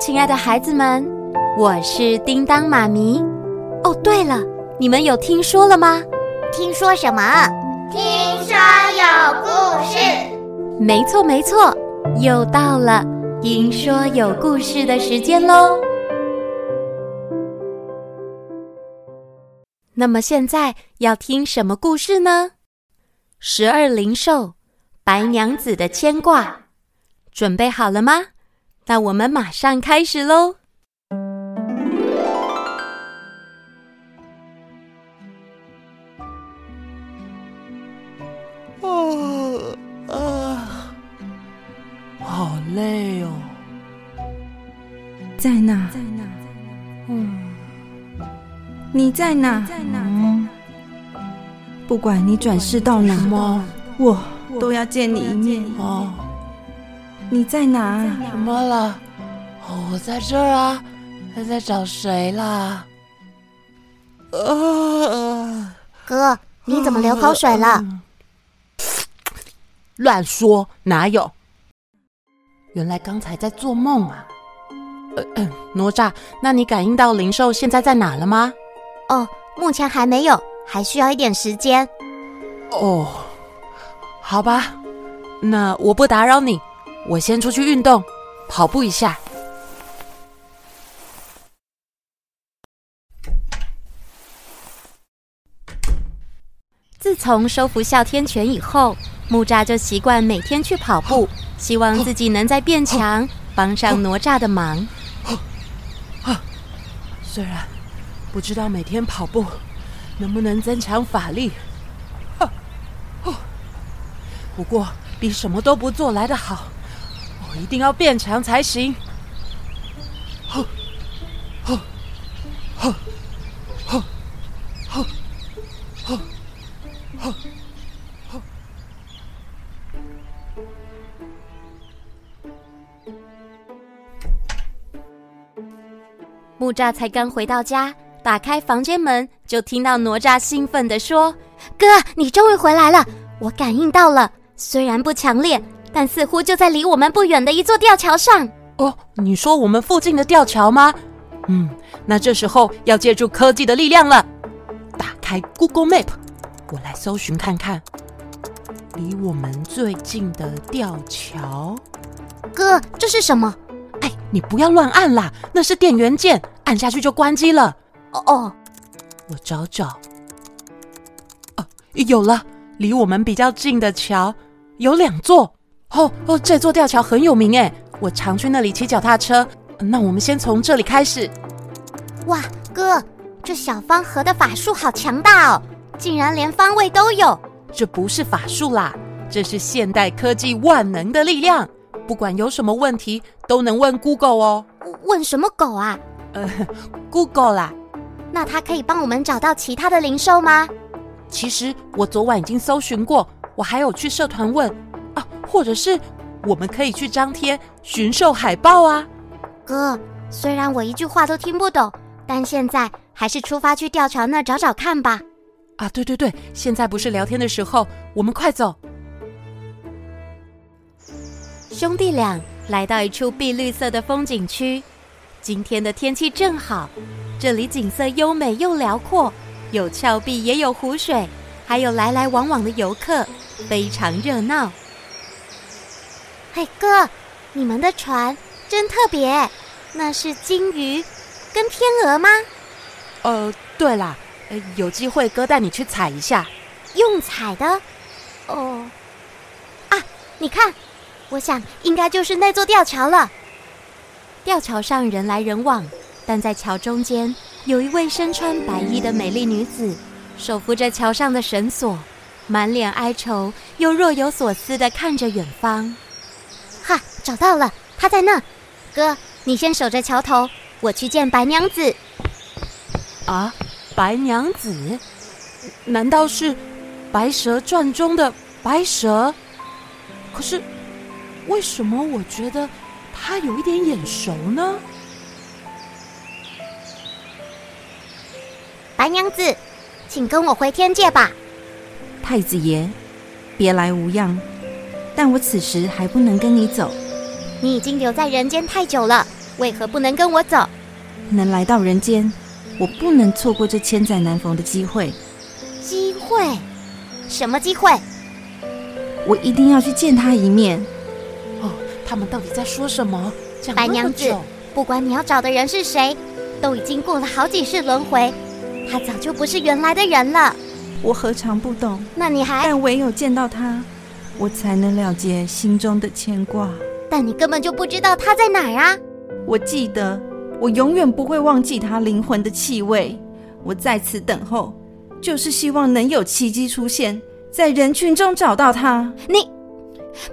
親愛的孩子們，我是叮噹媽咪。哦，對了，你們有聽說了嗎？聽說什麼？聽說有故事。沒錯沒錯，又到了聽說有故事的時間嘍。那麼現在要聽什麼故事呢？十二靈獸，白娘子的牽掛。準備好了嗎？那我們馬上開始嘍！哦，啊，好累哦！在哪？在哪？嗯，你在哪？嗯，在哪？嗯，不管你轉世到哪，我都要見你一面，你一面哦。你在哪？在哪什麼了？Oh, 我在這兒啊！他在找誰啦？呃、uh，哥，你怎麼流口水了、嗯？亂說，哪有？原來剛才在做夢啊！呃、呃、哪吒，那你感應到靈獸現在在哪了嗎？哦，oh, 目前還沒有，還需要一點時間。哦，oh, 好吧，那我不打擾你。我先出去運動，跑步一下。自從收服哮天犬以後，木吒就習慣每天去跑步，哦、希望自己能再變強，哦、幫上哪吒的忙、哦哦哦。雖然不知道每天跑步能不能增強法力，哦哦、不過比什麼都不做來得好。我一定要變強才行。哈、哦，哈、哦，哦哦哦哦哦。木吒才剛回到家，打開房間門，就聽到哪吒興奮的說：“哥，你終於回來了！我感應到了，雖然不強烈。”但似乎就在離我們不遠的一座吊橋上。哦，你說我們附近的吊橋嗎？嗯，那這時候要借助科技的力量了。打開 Google Map，我來搜尋看看離我們最近的吊橋。哥，這是什麼？哎，你不要亂按啦，那是電源鍵，按下去就關機了。哦哦，我找找。哦、啊，有了，離我們比較近的橋有兩座。哦哦，oh, oh, 這座吊橋很有名哎，我常去那裡騎腳踏車。那我們先從這裡開始。哇，哥，這小方盒的法術好強大哦，竟然連方位都有。這不是法術啦，這是現代科技萬能的力量，不管有什麼問題都能問 Google 哦。問什麼狗啊？呃 ，Google 啦。那它可以幫我們找到其他的靈獸嗎？其實我昨晚已經搜尋過，我還有去社團問。啊、或者是我們可以去張貼尋獸海報啊！哥，雖然我一句話都聽不懂，但現在還是出發去吊橋那找找看吧。啊，對對對，現在不是聊天的時候，我們快走。兄弟倆來到一處碧綠色的風景區，今天的天氣正好，這裡景色優美又遼闊，有峭壁也有湖水，還有來來往往的遊客，非常熱鬧。哎，哥，你們的船真特別，那是金魚跟天鵝嗎？呃，對啦，呃，有機會哥帶你去踩一下，用踩的？哦，啊，你看，我想應該就是那座吊橋了。吊橋上人來人往，但在橋中間有一位身穿白衣的美麗女子，手扶着橋上的繩索，滿臉哀愁又若有所思地看着遠方。找到了，他在那。哥，你先守着橋頭，我去見白娘子。啊，白娘子？難道是《白蛇傳》中的白蛇？可是為什麼我覺得他有一點眼熟呢？白娘子，請跟我回天界吧。太子爺，別來無恙。但我此時還不能跟你走。你已經留在人間太久了，為何不能跟我走？能來到人間，我不能錯過這千載難逢的機會。機會？什麼機會？我一定要去見他一面。哦，他們到底在說什麼？白娘子，不管你要找的人是誰，都已經過了好幾世輪迴，他早就不是原來的人了。我何嘗不懂？那你還……但唯有見到他，我才能了結心中的牽掛。但你根本就不知道他在哪兒啊。我記得，我永遠不會忘記他靈魂的氣味。我在此等候，就是希望能有奇蹟出現，在人群中找到他。你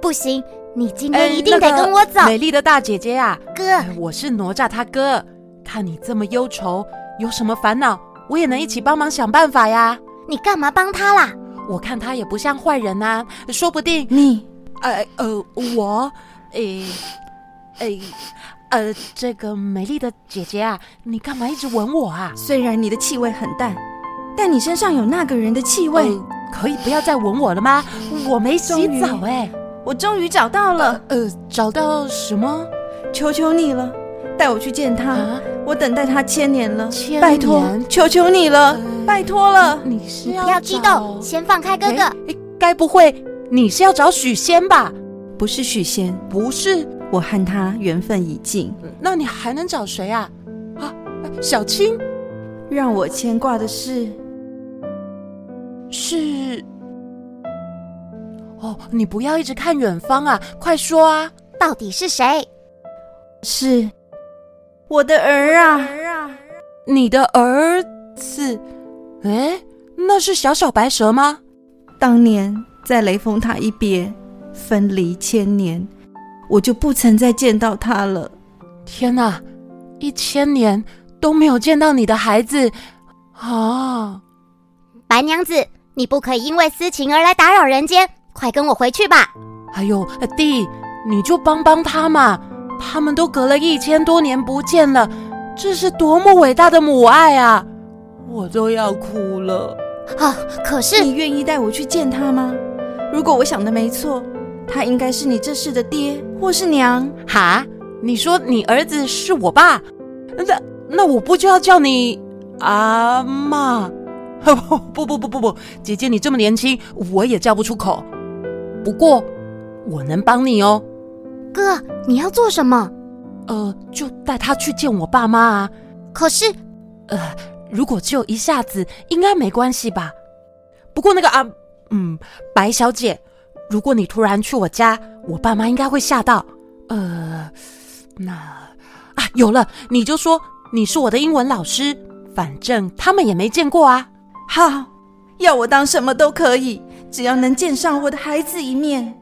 不行，你今天一定、欸、那個、得跟我走。美麗的大姐姐呀、啊，哥、呃，我是哪吒他哥。看你這麼憂愁，有什麼煩惱，我也能一起幫忙想辦法呀。你幹嘛幫他啦？我看他也不像壞人啊，說不定你，哎呃，呃我。 誒，誒，呃，這個美麗的姐姐啊，你幹嘛一直聞我啊？雖然你的氣味很淡，但你身上有那個人的氣味。呃、可以不要再聞我了嗎？是我沒洗澡哎，欸、我終於找到了、啊。呃，找到什麼？求求你了，帶我去見他，啊、我等待他千年了，千年拜託，求求你了，呃、拜託了。你是要，你不要激動，先放開哥哥。該不會你是要找許仙吧？不是許仙，不是，我和他緣分已盡。那你還能找誰啊？啊，小青，讓我牽掛的是，是，哦，你不要一直看遠方啊，快說啊，到底是誰？是，我的兒啊，我的兒啊，你的兒子，哎，那是小小白蛇嗎？當年在雷峰塔一別。分離千年，我就不曾再見到他了。天哪，一千年都沒有見到你的孩子啊！白娘子，你不可以因為私情而來打擾人間，快跟我回去吧！哎呦，阿弟，你就幫幫他嘛！他們都隔了一千多年不見了，這是多麼偉大的母愛啊！我都要哭了啊！可是，你願意帶我去見他嗎？如果我想的沒錯。他應該是你這世的爹或是娘。哈？你說你兒子是我爸，那那我不就要叫你阿媽？不 不不不不不，姐姐你這麼年輕，我也叫不出口。不過我能幫你哦。哥，你要做什麼？呃，就帶他去見我爸媽啊。可是，呃，如果就一下子，應該沒關係吧？不過那個阿，嗯，白小姐。如果你突然去我家，我爸媽應該會嚇到。呃，那，啊，有了，你就說你是我的英文老師，反正他們也沒見過啊。好，要我當什麼都可以，只要能見上我的孩子一面。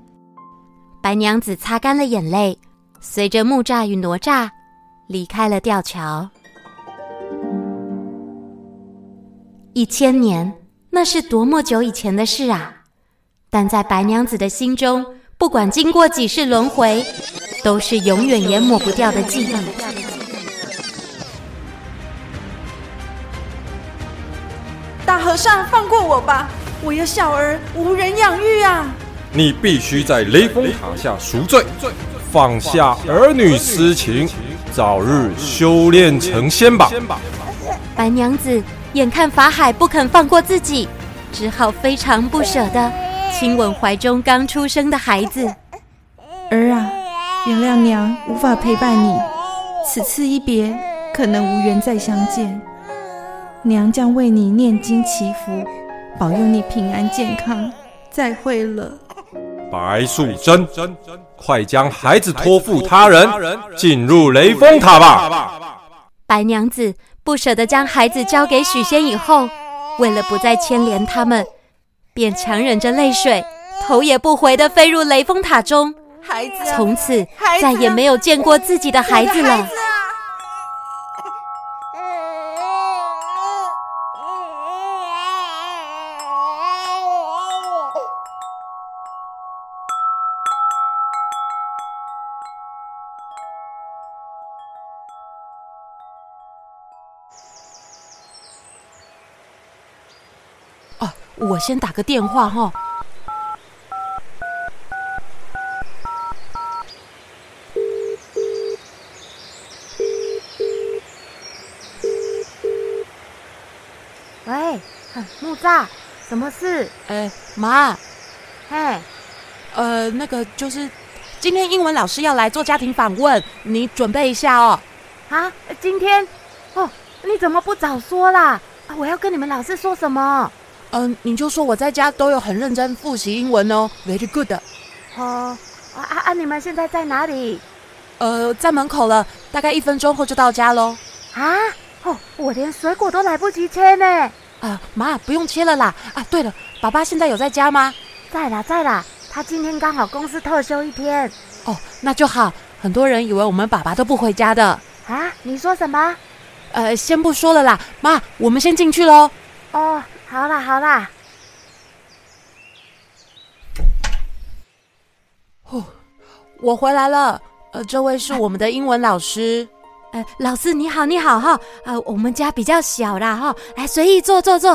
白娘子擦乾了眼淚，隨着木柵與哪吒離開了吊橋。一千年，那是多麼久以前的事啊。但在白娘子的心中，不管經過幾世輪迴，都是永遠也抹不掉的記憶。大和尚，放過我吧！我有小兒無人養育啊！你必須在雷峰塔下贖罪，放下兒女私情，早日修煉成仙吧！白娘子眼看法海不肯放過自己，只好非常不舍得，親吻懷中剛出生的孩子，兒啊，原諒娘無法陪伴你，此次一別，可能無緣再相見。娘將為你念經祈福，保佑你平安健康。再會了，白素貞，素貞快將孩子托付他人，他人進入雷峰塔吧。塔白娘子不捨得將孩子交給許仙以後，為了不再牽連他們，便強忍着淚水，頭也不回地飛入雷峰塔中。從此，啊，啊，再也沒有見過自己的孩子了。我先打個電話哈。喂，哼，木柵，什麼事？哎、欸，媽。哎嘿，呃，那個就是，今天英文老師要來做家庭訪問，你準備一下哦。啊，今天？哦，你怎麼不早說啦？我要跟你們老師說什麼？嗯、呃，你就說我在家都有很認真複習英文哦，Very good。哦，啊啊！你們現在在哪裡？呃，在門口了，大概一分鐘後就到家嘍。啊哦，我連水果都來不及切呢。啊、呃，媽，不用切了啦。啊，對了，爸爸現在有在家嗎？在啦，在啦。他今天剛好公司特休一天。哦，那就好。很多人以為我們爸爸都不回家的。啊，你說什麼？呃，先不說了啦，媽，我們先進去嘍。哦。好了好了，呼，我回來了。呃，這位是我們的英文老師。啊、呃，老師你好，你好哈、哦呃。我們家比較小啦哈、哦。來，隨意坐坐坐。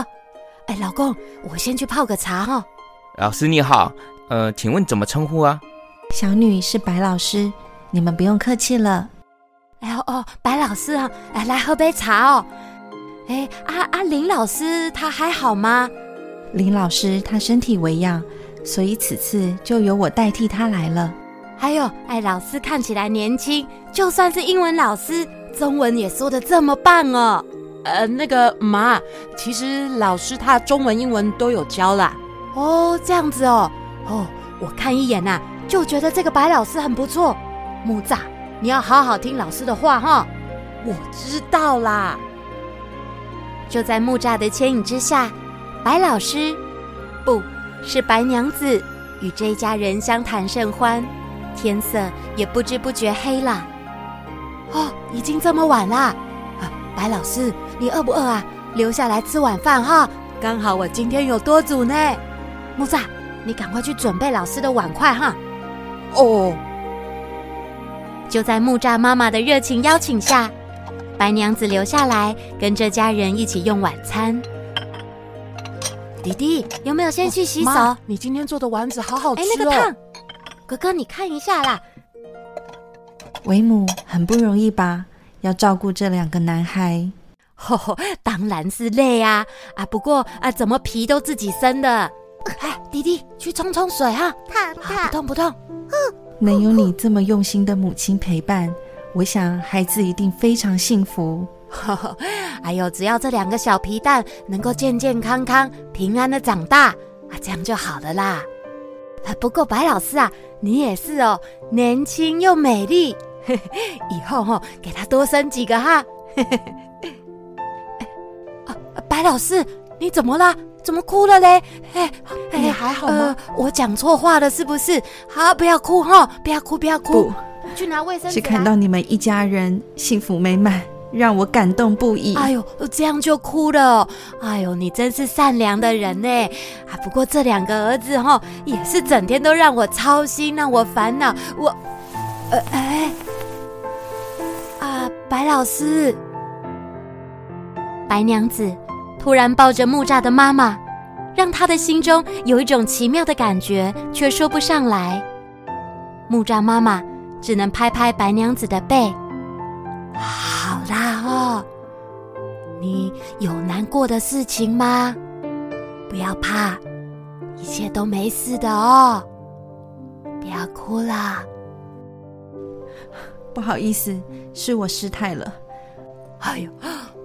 哎，老公，我先去泡個茶哈。哦、老師你好，呃，請問怎麼稱呼啊？小女是白老師，你們不用客氣了。哎呦哦，哦，白老師啊，來，來喝杯茶哦。哎，阿、欸、啊，啊，林老師他還好嗎？林老師他身體微恙，所以此次就由我代替他來了。還有，哎，老師看起來年輕，就算是英文老師，中文也說得這麼棒哦。呃，那個，媽，其實老師他中文、英文都有教啦。哦，這樣子哦，哦，我看一眼吶、啊，就覺得這個白老師很不錯。木吒，你要好好聽老師的話哈。我知道啦。就在木柵的牽引之下，白老師，不是白娘子，與這一家人相談甚歡。天色也不知不覺黑了。哦，已經這麼晚啦！啊，白老師，你餓不餓啊？留下來吃晚飯哈，剛好我今天有多煮呢。木柵，你趕快去準備老師的碗筷哈。哦，oh. 就在木柵媽媽的熱情邀請下，白娘子留下來，跟着家人一起用晚餐。弟弟有沒有先去洗澡哦？你今天做的丸子好好吃哦！哎、欸，那個燙、哥哥，你看一下啦。為母很不容易吧？要照顧這兩個男孩。呵呵，當然是累啊！啊，不過啊，怎麼皮都自己生的。哎，弟弟，去沖沖水哈、啊。燙不燙哦？不痛不痛。呵能有你這麼用心的母親陪伴，我想孩子一定非常幸福，呵呵，哎呦，只要這兩個小皮蛋能夠健健康康、平安的長大啊，這樣就好了啦。啊，不過白老師啊，你也是哦，年輕又美麗，以後哈、哦、給他多生幾個哈。啊，白老師你怎麼了？怎麼哭了嘞？哎、欸、哎，欸、還好嗎？呃、我講錯話了是不是？好、啊，不要哭吼，不要哭，不要哭。去拿衛生紙。看到你們一家人幸福美滿，讓我感動不已。哎呦，這樣就哭了。哎呦，你真是善良的人呢，哎。啊，不過這兩個兒子哦，也是整天都讓我操心，讓我煩惱。我，哎，啊，白老師，白娘子突然抱着木吒的媽媽，讓她的心中有一種奇妙的感覺，卻說不上來。木吒媽媽。只能拍拍白娘子的背。好啦哦。你有難過的事情嗎？不要怕，一切都沒事的哦。不要哭了。不好意思，是我失態了。哎呦，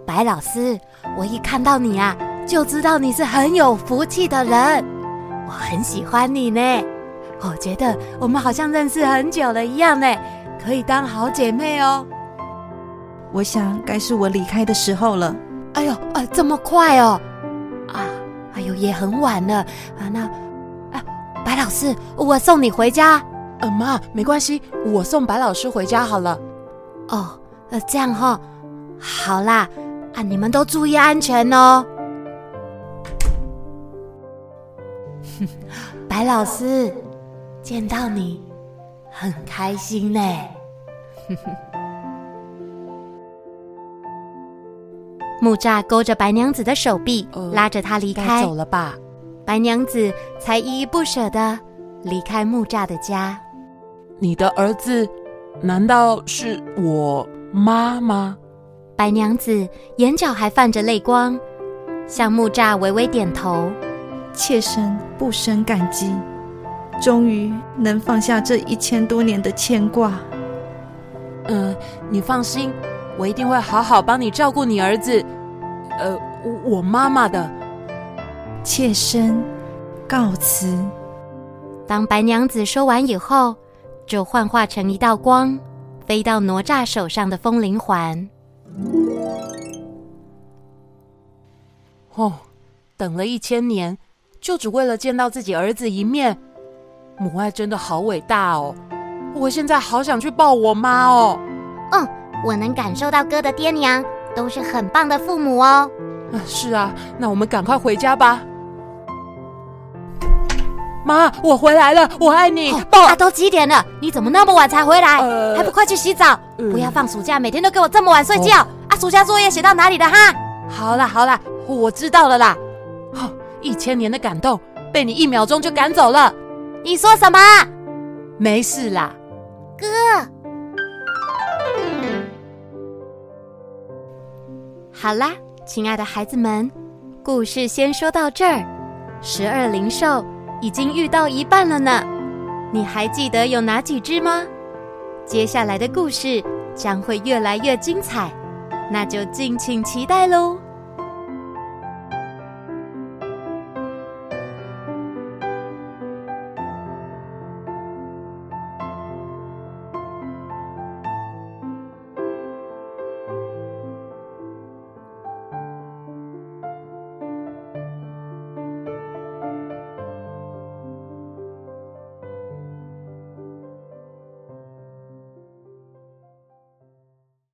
白老師，我一看到你啊，就知道你是很有福氣的人，我很喜歡你呢。我覺得我們好像認識很久了一樣哎，可以當好姐妹哦。我想該是我離開的時候了。哎呦啊，呃，這麼快哦！啊，哎呦，也很晚了啊。那啊，白老師，我送你回家。嗯，呃，媽，沒關係，我送白老師回家好了。哦，那，呃，這樣哈，好啦，啊，你們都注意安全哦。 白老師。見到你很開心呢。 木柵勾着白娘子的手臂，呃、拉着她離開。走了吧。白娘子才依依不舍的離開木柵的家。你的兒子難道是我媽媽嗎？白娘子眼角還泛着淚光，向木柵微微點頭。妾身不勝感激。終於能放下這一千多年的牽掛。嗯、呃，你放心，我一定會好好幫你照顧你兒子。呃，我媽媽的，妾身告辭。當白娘子說完以後，就幻化成一道光，飛到哪吒手上的風鈴環。哦，等了一千年，就只為了見到自己兒子一面。母愛真的好偉大哦，我現在好想去抱我媽哦。嗯，我能感受到哥的爹娘都是很棒的父母哦。嗯、啊，是啊，那我們趕快回家吧。媽，我回來了，我愛你。Oh, 爸，都幾點了？你怎麼那麼晚才回來？呃、還不快去洗澡？嗯、不要放暑假每天都給我這麼晚睡覺、oh. 啊！暑假作業寫到哪裡了哈？好啦好啦，我知道了啦。哦，一千年的感動被你一秒鐘就趕走了。你說什麼？沒事啦，哥。好啦，親愛的孩子們，故事先說到這兒。十二靈獸已經遇到一半了呢，你還記得有哪幾隻嗎？接下來的故事將會越來越精彩，那就敬請期待嘍。